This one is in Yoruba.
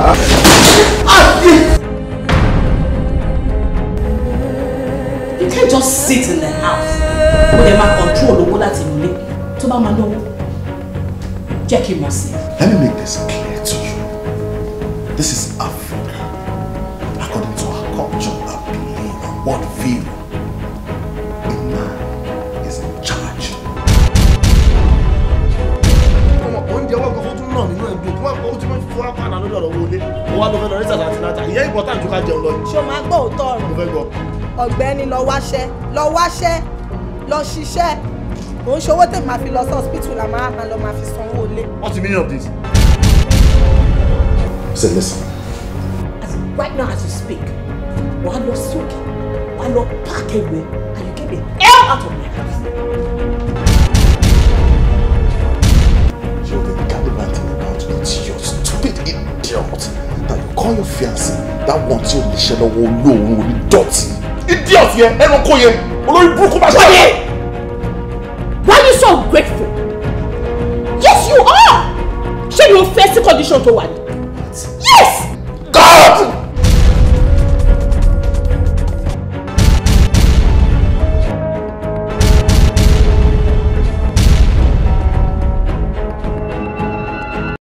You can't just sit in the house. Kò dẹ̀ máa control the láti ilé tó bá máa my Jẹ́ kí n mọ̀ sí. Let me make this clear to you. This is Africa. According to our culture, our belief, our worldview, a man is in charge. Ọmọ kò ń jẹ́ wọ́n kan fún tún náà nínú wá ó ti fura padà lórí ọ̀rọ̀ wọlé lọ fẹ́ lọ rí lọ. ṣé mo fẹ́ gbọ́. tèmi máa fi lọ sí hospital la máa lọ máa fi sanwó ilé. what's the meaning of this. ṣe listen. as right now as you speak wàá lọ sókè wàá lọ páàkì ìwé and out of my house. ṣe that you call your fiancé that one tí o lè ṣe lọ́wọ́ olóòórùn orí dọ̀tí. idiot yẹn ẹranko yẹn olórí burúkú máa ṣe. wáyé why you so grateful yes you are ṣé ni o fẹ́ sí condition tó wà ní yes.